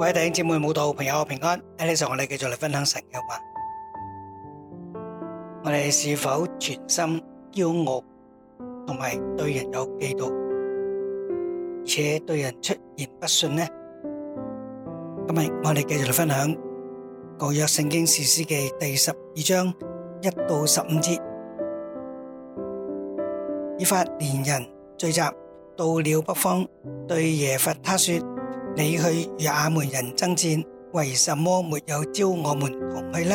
各位弟兄姊妹、慕道朋友平安，喺呢度我哋繼續嚟分享神嘅話。我哋是否存心驕傲，同埋對人有嫉妒，而且對人出言不遜呢？今日我哋繼續嚟分享舊約聖經士師記第十二章一到十五節。以法蓮人聚集到了北方，對耶弗他說。你去與亞門人爭戰，為什麼沒有招我們同去呢？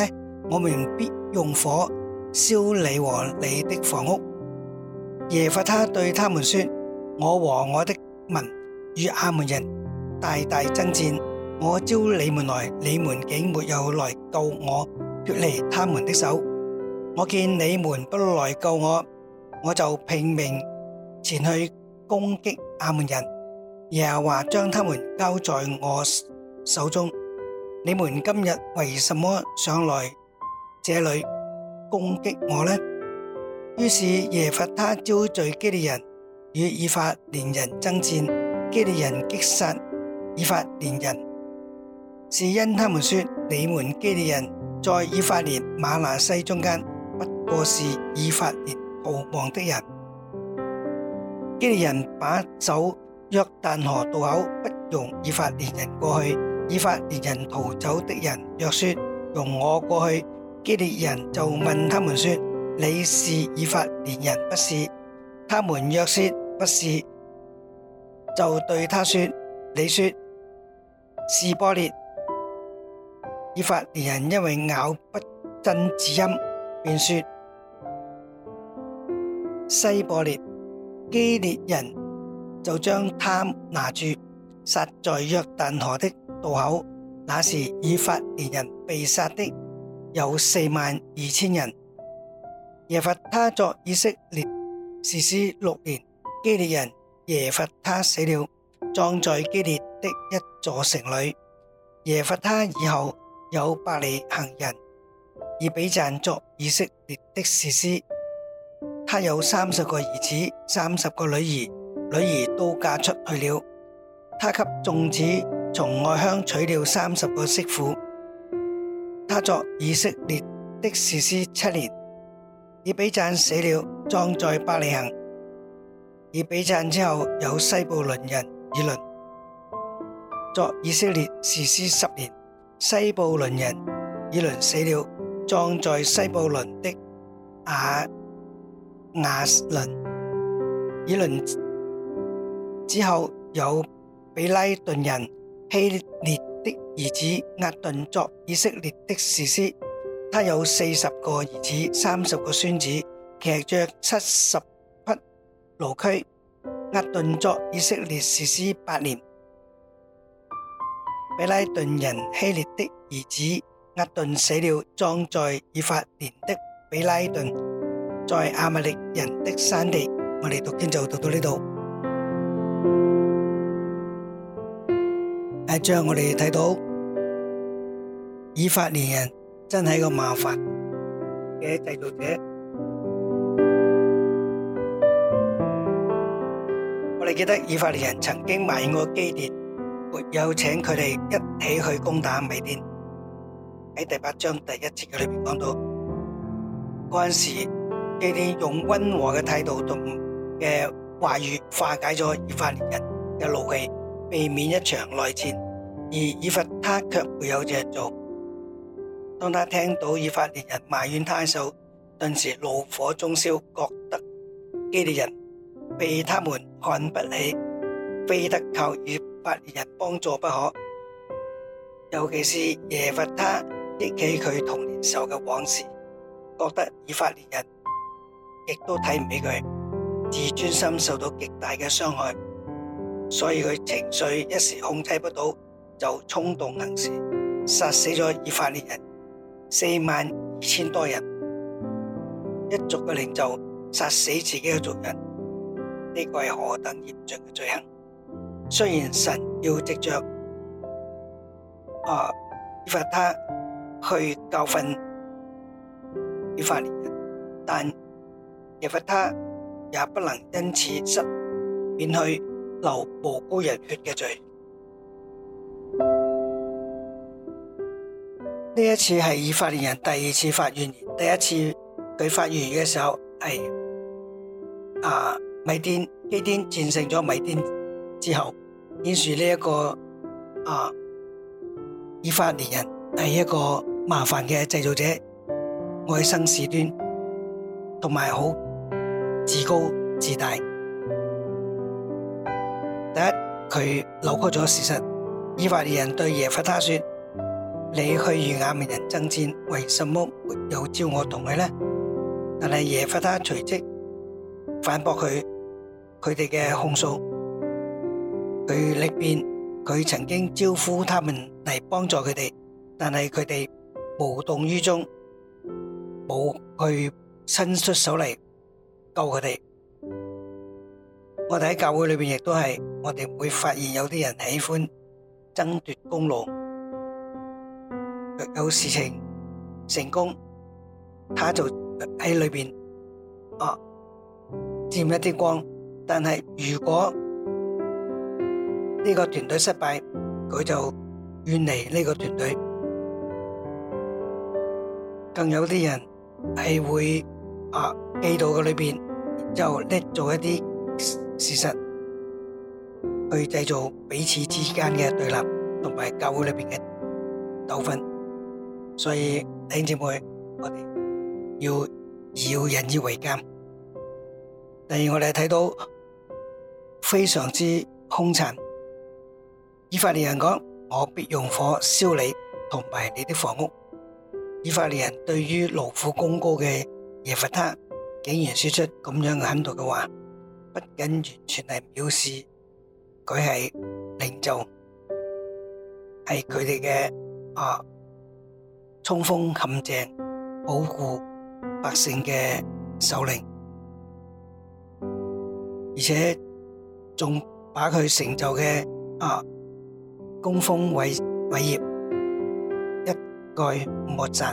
我們必用火燒你和你的房屋。耶弗他對他們說：我和我的民與亞門人大大爭戰，我招你們來，你們竟沒有來救我脫離他們的手。我見你們不來救我，我就拼命前去攻擊亞門人。耶和華將他們交在我手中，你們今日為什麼上來這裏攻擊我呢？於是耶弗他招聚基利人與以法蓮人爭戰，基利人擊殺以法蓮人，是因他們說，你們基利人在以法蓮瑪拿西中間，不過是以法蓮逃亡的人。基利人把守，約但河渡口不容以法連人過去，以法連人逃走的人若說容我過去，基列人就問他們說：你是以法連人不是？他們若說不是，就對他說：你說示播列，以法連人因為咬不真字音，便說西播列。基列人。就將他拿住，殺在約旦河的渡口。那時以法蓮人被殺的有四萬二千人。耶法他作以色列士師六年，基列人耶法他死了，葬在基列的一座城裏。耶法他以後有百里行人，以比贊作以色列的士師。他有三十個兒子，三十個女兒。女兒都嫁出去了，他給眾子從外鄉娶了三十個媳婦。他作以色列的士師七年，以比贊死了，葬在伯利恆；以比贊之後有西布倫人以倫，作以色列士師十年。西布倫人以倫死了，葬在西布倫的亞亞倫。以倫。之後有比拉頓人希列的兒子押頓作以色列的士師，他有四十個兒子，三十個孫子，騎着七十匹驢駒。押頓作以色列士師八年。比拉頓人希列的兒子押頓死了，葬在以法蓮的比拉頓，在亞瑪力人的山地。我哋讀經就讀到呢度。誒，最後我哋睇到以法蓮人真係個麻煩嘅製造者。我哋記得以法蓮人曾經埋怨過基甸，沒有請佢哋一起去攻打米甸。喺第八章第一節嘅裏面講到，嗰陣時基甸用溫和嘅態度同嘅。話語化解咗以法蓮人嘅怒氣，避免一場內戰。而耶弗他卻沒有這樣做。當他聽到以法蓮人埋怨他嘅時候，頓時怒火中燒，覺得基利人被他們看不起，非得靠以法蓮人幫助不可。尤其是耶弗他憶起佢童年時嘅往事，覺得以法蓮人亦都睇唔起佢。自尊心受到極大嘅傷害，所以佢情緒一時控制不到，就衝動行事，殺死咗以法蓮人四萬二千多人。一族嘅領袖殺死自己嘅族人，呢個係何等嚴重嘅罪行？雖然神要藉着啊以法他去教訓以法蓮人，但亦罰他。也不能因此失免去流無辜人血嘅罪。呢一次係以法蓮人第二次發怨言，第一次佢發怨言嘅時候係啊米甸基甸戰勝咗米甸之後，顯示呢一個啊以法蓮人係一個麻煩嘅製造者，愛生事端同埋好。自高自大。第一，佢扭曲咗事實。以法蓮人對耶弗他說：你去與亞捫人爭戰，為什麼沒有招我同去呢？但係耶弗他隨即反駁佢，佢哋嘅控訴。佢力辯佢曾經招呼他們嚟幫助佢哋，但係佢哋無動於衷，冇去伸出手嚟，救佢哋。我哋喺教會裏邊亦都係，我哋會發現有啲人喜歡爭奪功勞，有事情成功，他就喺裏邊，啊佔一啲光。但係如果呢個團隊失敗，佢就遠離呢個團隊。更有啲人係會啊嫉妒嘅裏邊。就捏造一啲事實去製造彼此之間嘅對立，同埋教會裏邊嘅糾紛。所以弟兄姊妹，我哋要要引以為鑒。第二，我哋睇到非常之凶殘。以法利人講：我必用火燒你同埋你的房屋。以法利人對於勞苦功高嘅耶弗他。竟然說出咁樣嘅狠毒嘅話，不僅完全係藐視佢係領袖，係佢哋嘅啊衝鋒陷陣、保護百姓嘅首領，而且仲把佢成就嘅啊功勳偉偉業一概抹殺。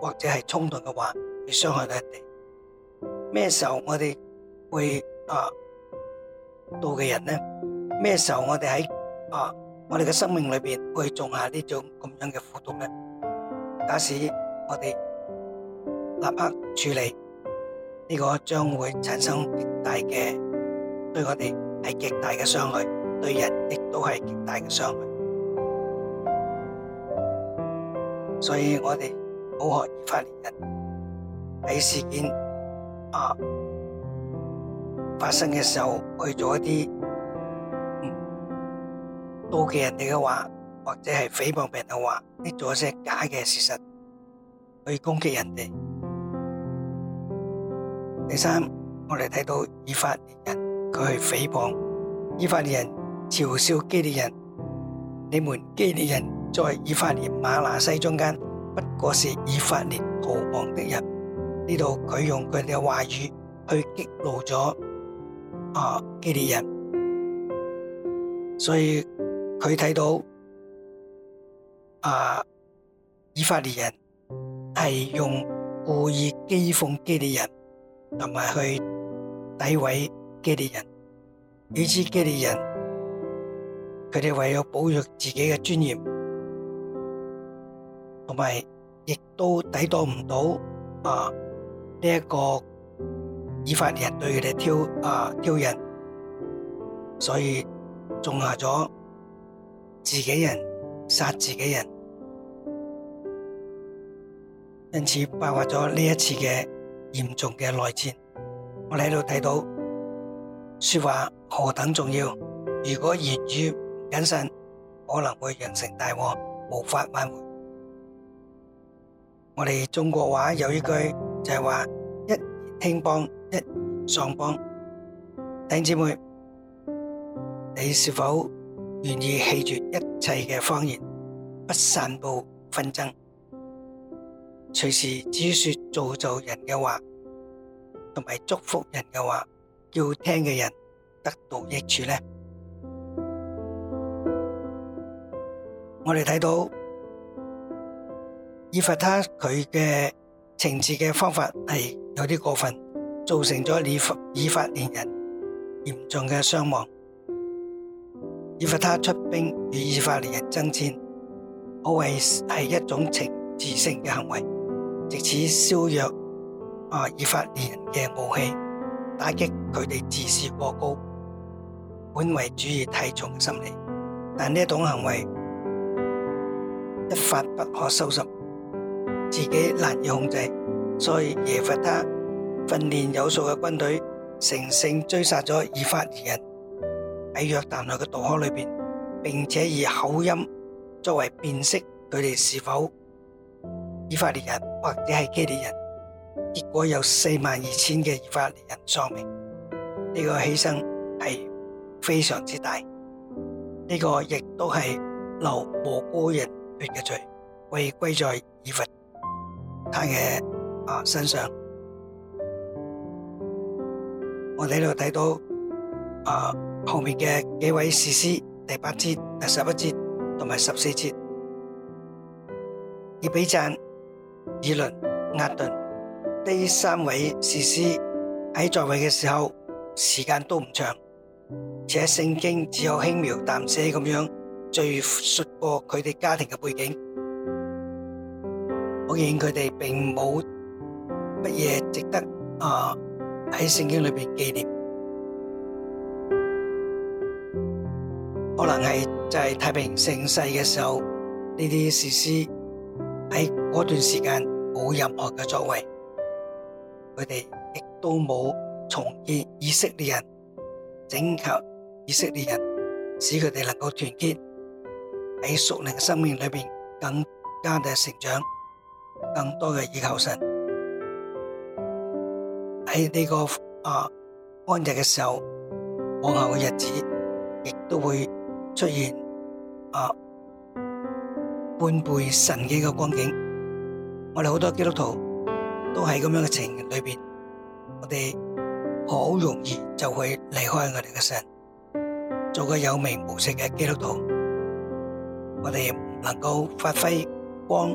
或者係衝動嘅話，會傷害到人哋。咩時候我哋會啊到嘅人呢？咩時候我哋喺啊我哋嘅生命裏面會種下呢種咁樣嘅苦毒呢？假使我哋立刻處理，呢個將會產生極大嘅，對我哋係極大嘅傷害，對人亦都係極大嘅傷害。所以我哋。唔好學以法連人喺事件啊發生嘅時候去做一啲妒忌人哋嘅話，或者係誹謗別人嘅話，呢做一啲假嘅事實去攻擊人哋。第三，我哋睇到以法連人，佢係誹謗以法連人，嘲笑基列人，你們基列人在以法連馬拿西中間。不過是以法蓮逃亡的人，呢度佢用佢哋嘅話語去激怒咗啊基利人，所以佢睇到啊以法蓮人係用故意譏諷基利人，同埋去詆毀基利人，以致基利人佢哋為咗保育自己嘅尊嚴。同埋，亦都抵擋唔到啊！呢、這、一個以法人對佢哋挑啊挑釁，所以種下咗自己人殺自己人，因此爆發咗呢一次嘅嚴重嘅內戰。我哋喺度睇到說話何等重要，如果言語唔謹慎，可能會釀成大禍，無法挽回。我哋中國話有一句就係話一言興邦，一言喪邦。弟兄姐妹，你是否願意棄絕一切嘅謊言，不散布紛爭，隨時只說造就人嘅話，同埋祝福人嘅話，叫聽嘅人得到益處呢？我哋睇到。以法他佢嘅懲治嘅方法係有啲過分，造成咗以法以法蓮人嚴重嘅傷亡。以法他出兵與以法蓮人爭戰，可謂係一種懲治性嘅行為，借此削弱啊以法蓮人嘅武器，打擊佢哋自視過高、本位主義太重嘅心理。但呢一種行為一發不可收拾。自己難以控制，所以耶弗他訓練有素嘅軍隊乘勝追殺咗以法蓮人喺約但河嘅渡口裏邊，並且以口音作為辨識佢哋是否以法蓮人或者係基利人，結果有四萬二千嘅以法蓮人喪命，呢個犧牲係非常之大，呢個亦都係流無辜人血嘅罪，會歸在以法他嘅啊身上，我哋喺度睇到啊後面嘅幾位士師，第八節、第十一節同埋十四節，以比贊、以倫、阿頓呢三位士師喺在位嘅時候，時間都唔長，且聖經只有輕描淡寫咁樣敘述過佢哋家庭嘅背景。當然佢哋並冇乜嘢值得啊喺聖經裏邊紀念，可能係就係太平盛世嘅時候，呢啲事事喺嗰段時間冇任何嘅作為，佢哋亦都冇重建以色列人，整合以色列人，使佢哋能夠團結喺屬靈嘅生命裏邊更加嘅成長。更多嘅依靠神喺呢、這個啊安逸嘅時候，往後嘅日子亦都會出現啊半輩神嘅個光景。我哋好多基督徒都係咁樣嘅情形裏邊，我哋好容易就會離開我哋嘅神，做個有名無實嘅基督徒。我哋唔能夠發揮光。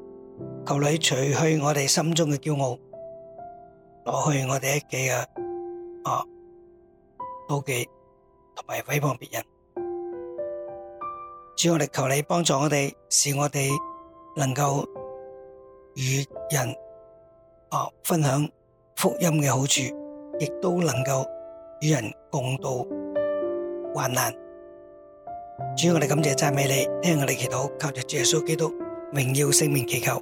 求你除去我哋心中嘅驕傲，攞去我哋一己嘅啊妒忌，同埋誹謗別人。主，我哋求你幫助我哋，使我哋能夠與人啊分享福音嘅好處，亦都能夠與人共度患難。主，我哋感謝讚美你，聽我哋祈禱，靠着耶穌基督榮耀聖名祈求。